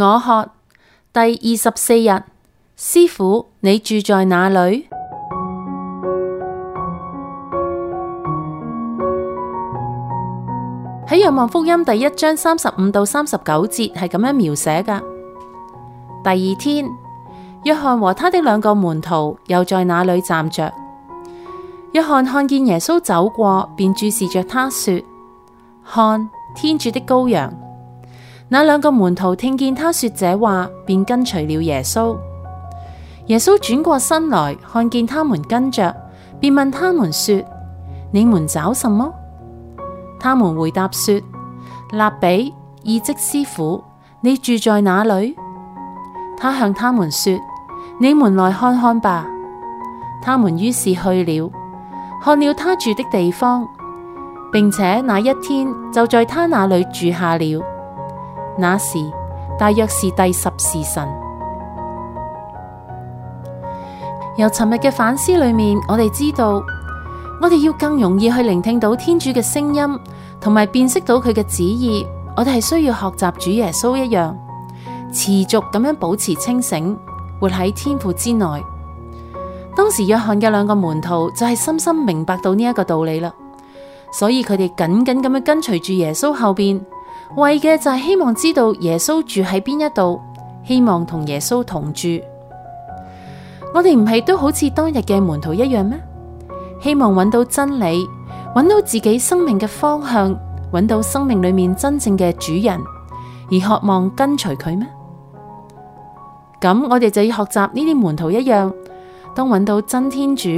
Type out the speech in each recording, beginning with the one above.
我渴第二十四日，師傅，你住在哪裏？喺《若望福音》第一章三十五到三十九節係咁樣描寫㗎。第二天，若翰和他的兩個門徒又在那裏站着。若翰看見耶穌走過，便注視着他說：看，天主的羔羊。那兩個門徒聽見他說這話，便跟隨了耶穌。耶穌轉過身來，看見他們跟着，便問他們說：你們找什麼？他們回答說：辣彼，意即師傅，你住在哪裡？他向他們說：你們來看看吧。他們於是去了，看了他住的地方，並且那一天就在他那裡住下了。那時大約是第十時辰。由尋日嘅反思裏面，我哋知道，我哋要更容易去聆聽到天主嘅聲音，同埋辨識到佢嘅旨意。我哋係需要學習主耶穌一樣，持續咁樣保持清醒，活喺天父之內。當時若翰嘅兩個門徒就係深深明白到呢一個道理啦，所以佢哋緊緊咁樣跟隨住耶穌後面。為嘅就係希望知道耶穌住喺邊一度，希望同耶穌同住。我哋唔係都好似當日嘅門徒一樣咩？希望揾到真理，揾到自己生命嘅方向，揾到生命裏面真正嘅主人，而渴望跟隨佢咩？咁我哋就要學習呢啲門徒一樣。當揾到真天主，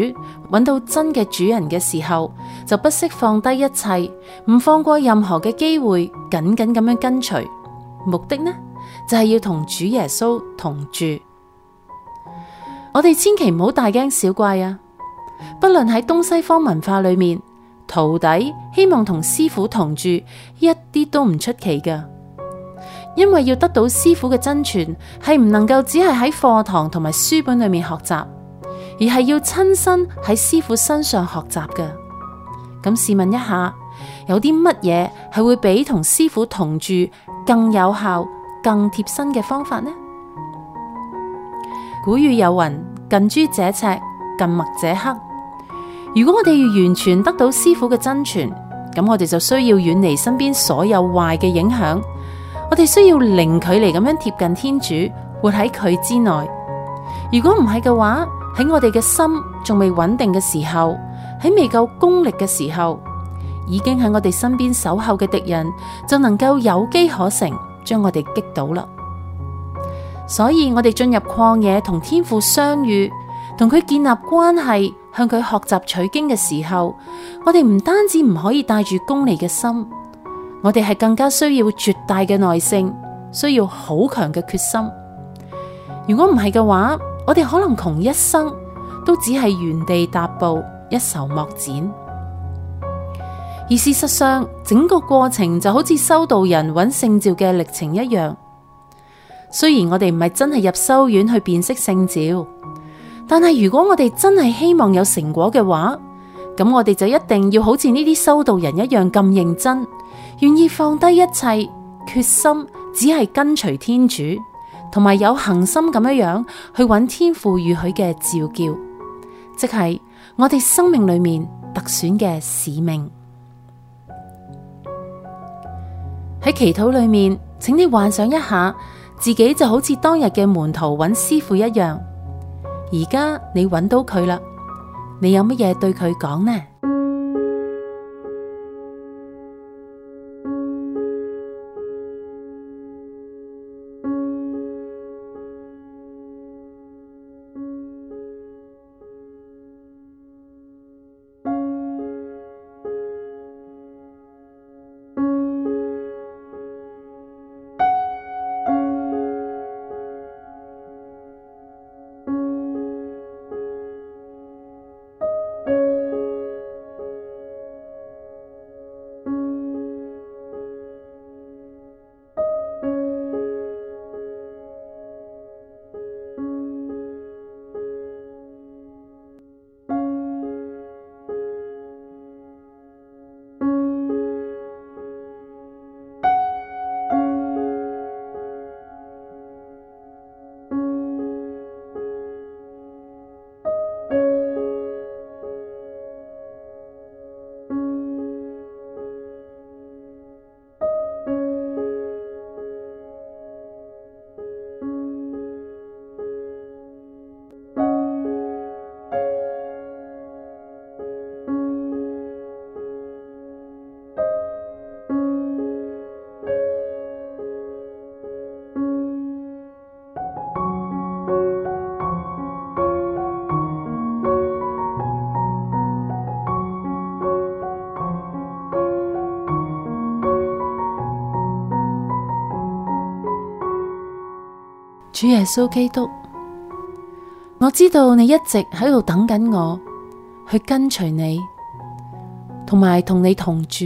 揾到真嘅主人嘅時候，就不惜放低一切，唔放過任何嘅機會，緊緊咁樣跟隨。目的呢就係要同主耶穌同住。 我哋千祈唔好大驚小怪啊！不論喺東西方文化裏面，徒弟希望同師傅同住一啲都唔出奇㗎，因為要得到師傅嘅真傳，係唔能夠只係喺課堂同埋書本裏面學習。而係要親身喺師傅身上學習嘅。咁試問一下，有啲乜嘢係會比同師傅同住更有效、更貼身嘅方法呢？古語有云：近朱者赤，近墨者黑。如果我哋要完全得到師傅嘅真傳，咁我哋就需要遠離身邊所有壞嘅影響。我哋需要零距離咁樣貼近天主，活喺佢之內。如果唔係嘅話，喺我哋嘅心仲未穩定嘅時候，喺未夠功力嘅時候，已經喺我哋身邊守候嘅敵人就能夠有機可乘，將我哋擊倒啦。所以我哋進入曠野同天父相遇，同佢建立關係，向佢學習取經嘅時候，我哋唔單止唔可以帶住功利嘅心，我哋係更加需要絕大嘅耐性，需要好強嘅決心。如果唔係嘅話，我哋可能窮一生都只係原地踏步，一籌莫展。而事實上，整個過程就好似修道人揾聖召嘅歷程一樣。雖然我哋唔係真係入修院去辨識聖召，但係如果我哋真係希望有成果嘅話，咁我哋就一定要好似呢啲修道人一樣咁認真，願意放低一切，決心只係跟隨天主。同埋有恆心咁樣樣去揾天父預許嘅召叫，即係我哋生命裏面特選嘅使命。喺祈禱裏面，請你幻想一下，自己就好似當日嘅門徒揾師傅一樣，而家你揾到佢啦，你有乜嘢對佢講呢？主耶穌基督，我知道你一直喺度等緊我，去跟隨你，同埋同你同住。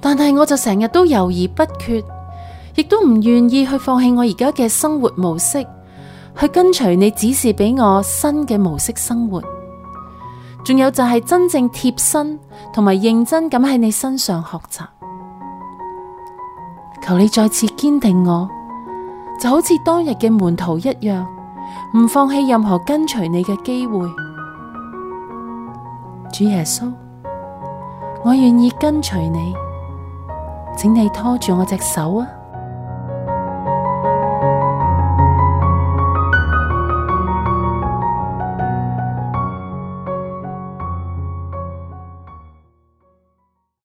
但係我就成日都猶豫不決，亦都唔願意去放棄我而家嘅生活模式，去跟隨你指示俾我新嘅模式生活。仲有就係真正貼身，同埋認真咁喺你身上學習。求你再次堅定我。就好似當日嘅門徒一樣，唔放棄任何跟隨你嘅機會。主耶穌，我願意跟隨你，請你拖住我隻手啊！